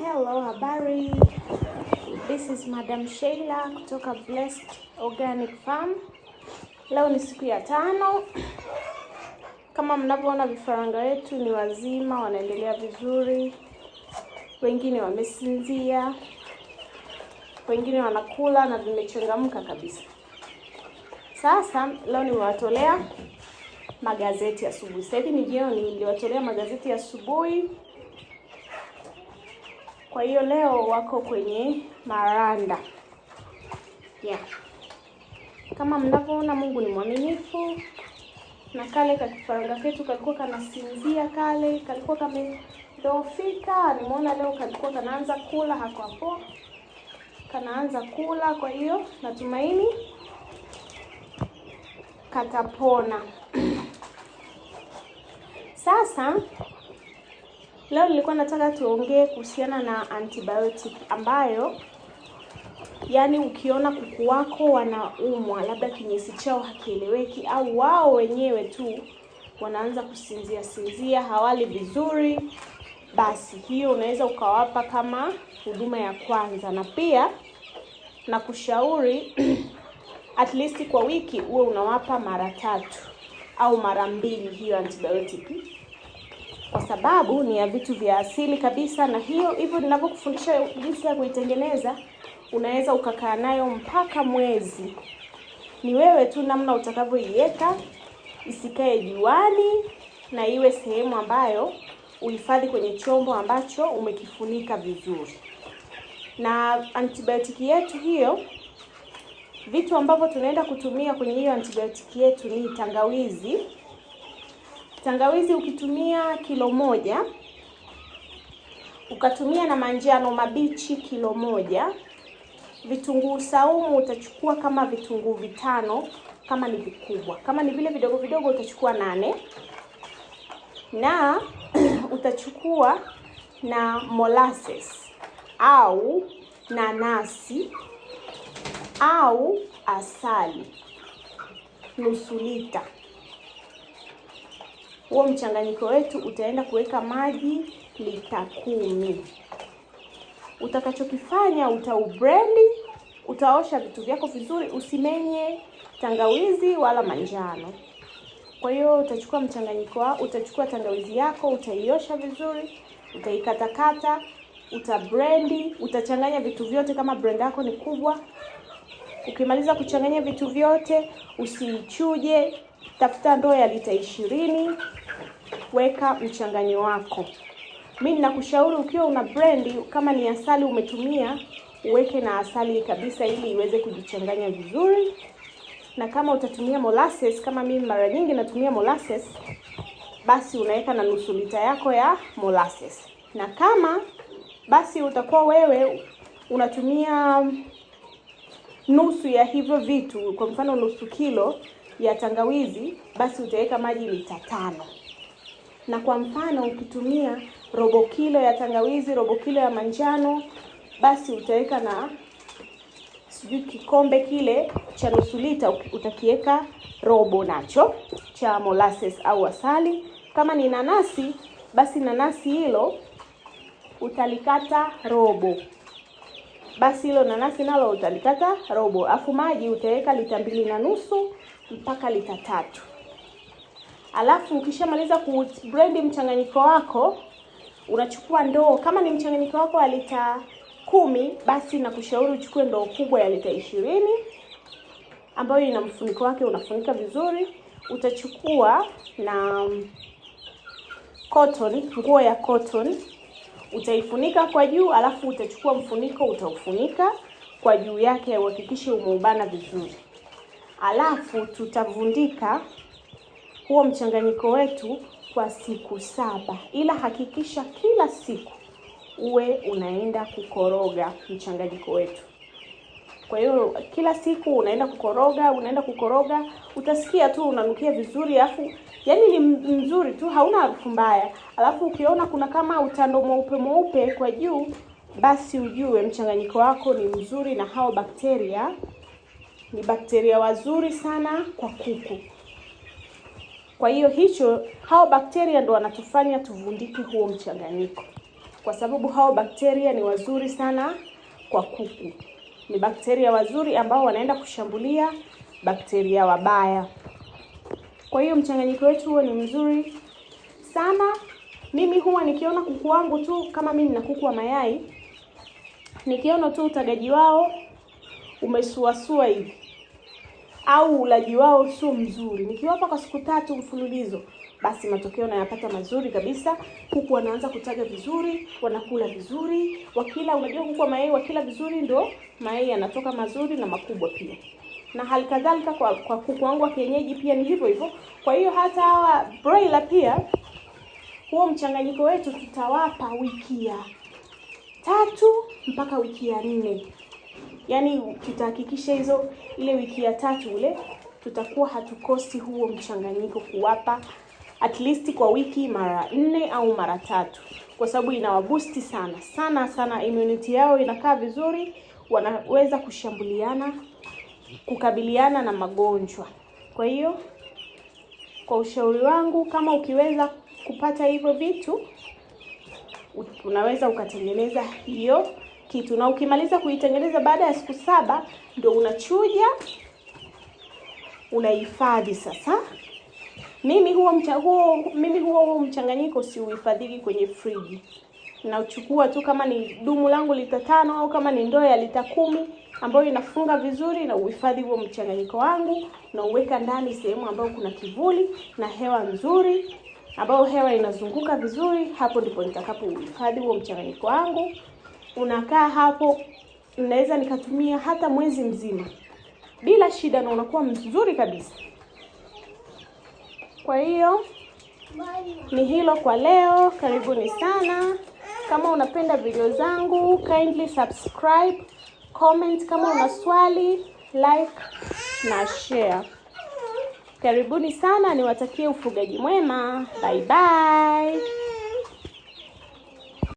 Hello, habari. This is Madam Sheila kutoka Blessed Organic Farm. Leo ni siku ya tano. Kama mnavyoona vifaranga wetu ni wazima, wanaendelea vizuri. Wengine wamesinzia, wengine wanakula na vimechangamka kabisa. Sasa leo nimewatolea magazeti asubuhi. Sasa hivi ni jioni, niliwatolea magazeti asubuhi kwa hiyo leo wako kwenye maranda yeah. Kama mnavyoona Mungu ni mwaminifu, na kale kakifaranga ketu kalikuwa kanasinzia, kale kalikuwa kamedhoofika, nimeona leo kalikuwa kanaanza kula hako hapo, kanaanza kula. Kwa hiyo natumaini katapona. Sasa Leo nilikuwa nataka tuongee kuhusiana na antibiotic ambayo yaani ukiona kuku wako wanaumwa, labda kinyesi chao hakieleweki, au wao wenyewe tu wanaanza kusinzia sinzia, hawali vizuri, basi hiyo unaweza ukawapa kama huduma ya kwanza, na pia na kushauri at least kwa wiki uwe unawapa mara tatu au mara mbili hiyo antibiotic kwa sababu ni ya vitu vya asili kabisa, na hiyo hivyo ninavyokufundisha jinsi ya kuitengeneza, unaweza ukakaa nayo mpaka mwezi. Ni wewe tu namna utakavyoiweka, isikae juani na iwe sehemu ambayo uhifadhi kwenye chombo ambacho umekifunika vizuri. Na antibiotiki yetu hiyo, vitu ambavyo tunaenda kutumia kwenye hiyo antibiotiki yetu ni tangawizi Tangawizi ukitumia kilo moja ukatumia na manjano mabichi kilo moja. Vitunguu saumu utachukua kama vitunguu vitano kama ni vikubwa, kama ni vile vidogo vidogo utachukua nane na utachukua na molasses au nanasi au asali nusu lita. Huo mchanganyiko wetu utaenda kuweka maji lita kumi. Utakachokifanya utaubrendi, utaosha vitu vyako vizuri, usimenye tangawizi wala manjano. Kwa hiyo utachukua mchanganyiko wako, utachukua tangawizi yako, utaiosha vizuri, utaikatakata, utabrendi, utachanganya vitu vyote kama brand yako ni kubwa. Ukimaliza kuchanganya vitu vyote, usiichuje, Tafuta ndoo ya lita ishirini, weka mchanganyo wako. Mi ninakushauri ukiwa una brendi, kama ni asali umetumia uweke na asali kabisa, ili iweze kujichanganya vizuri, na kama utatumia molasses, kama mimi mara nyingi natumia molasses, basi unaweka na nusu lita yako ya molasses, na kama basi utakuwa wewe unatumia nusu ya hivyo vitu, kwa mfano nusu kilo ya tangawizi, basi utaweka maji lita tano. Na kwa mfano ukitumia robo kilo ya tangawizi, robo kilo ya manjano, basi utaweka na sijui kikombe kile cha nusu lita utakiweka robo nacho cha molasses au asali. Kama ni nanasi, basi nanasi hilo utalikata robo basi hilo nanasi nalo utalikata robo, afu maji utaweka lita mbili na nusu mpaka lita tatu. Alafu ukishamaliza blend mchanganyiko wako, unachukua ndoo. Kama ni mchanganyiko wako wa lita kumi, basi nakushauri uchukue ndoo kubwa ya lita ishirini ambayo ina mfuniko wake, unafunika vizuri. Utachukua na cotton, nguo ya cotton utaifunika kwa juu, alafu utachukua mfuniko utaufunika kwa juu yake, uhakikishe umeubana vizuri, alafu tutavundika huo mchanganyiko wetu kwa siku saba, ila hakikisha kila siku uwe unaenda kukoroga mchanganyiko wetu. Kwa hiyo kila siku unaenda kukoroga, unaenda kukoroga, utasikia tu unanukia vizuri, alafu yaani ni mzuri tu, hauna harufu mbaya. Alafu ukiona kuna kama utando mweupe mweupe kwa juu, basi ujue mchanganyiko wako ni mzuri, na hao bakteria ni bakteria wazuri sana kwa kuku. Kwa hiyo hicho, hao bakteria ndo wanatufanya tuvundike huo mchanganyiko, kwa sababu hao bakteria ni wazuri sana kwa kuku. Ni bakteria wazuri ambao wanaenda kushambulia bakteria wabaya. Kwa hiyo mchanganyiko wetu huo ni mzuri sana. Mimi huwa nikiona kuku wangu tu, kama mimi nina kuku wa mayai, nikiona tu utagaji wao umesuasua hivi au ulaji wao sio mzuri, nikiwapa kwa siku tatu mfululizo, basi matokeo nayapata mazuri kabisa. Kuku wanaanza kutaga vizuri, wanakula vizuri, wakila. Unajua kuku wa mayai wakila vizuri, ndo mayai yanatoka mazuri na makubwa pia na kadhalika kwa, kwa kuku wangu wa kienyeji pia ni hivyo hivyo. Kwa hiyo hata hawa broiler pia huo mchanganyiko wetu tutawapa wiki ya tatu mpaka wiki ya nne, yaani tutahakikisha hizo ile wiki ya tatu ule tutakuwa hatukosi huo mchanganyiko kuwapa at least kwa wiki mara nne au mara tatu, kwa sababu inawabusti sana sana sana, immunity yao inakaa vizuri, wanaweza kushambuliana kukabiliana na magonjwa. Kwa hiyo kwa ushauri wangu, kama ukiweza kupata hivyo vitu, unaweza ukatengeneza hiyo kitu, na ukimaliza kuitengeneza baada ya siku saba ndio unachuja unahifadhi sasa. Mimi huo mcha, huo mimi huo huo mchanganyiko si uhifadhiki kwenye friji, uchukua tu kama ni dumu langu lita tano au kama ni ndoo ya lita kumi ambayo inafunga vizuri na uhifadhi huo mchanganyiko wangu na uweka ndani sehemu ambayo kuna kivuli na hewa nzuri ambayo hewa inazunguka vizuri. Hapo ndipo nitakapo uhifadhi huo mchanganyiko wangu. Unakaa hapo, naweza nikatumia hata mwezi mzima bila shida, na unakuwa mzuri kabisa. Kwa hiyo ni hilo kwa leo, karibuni sana. Kama unapenda video zangu, kindly subscribe comment kama una swali, like na share. Karibuni sana, niwatakie ufugaji mwema. Bye bye.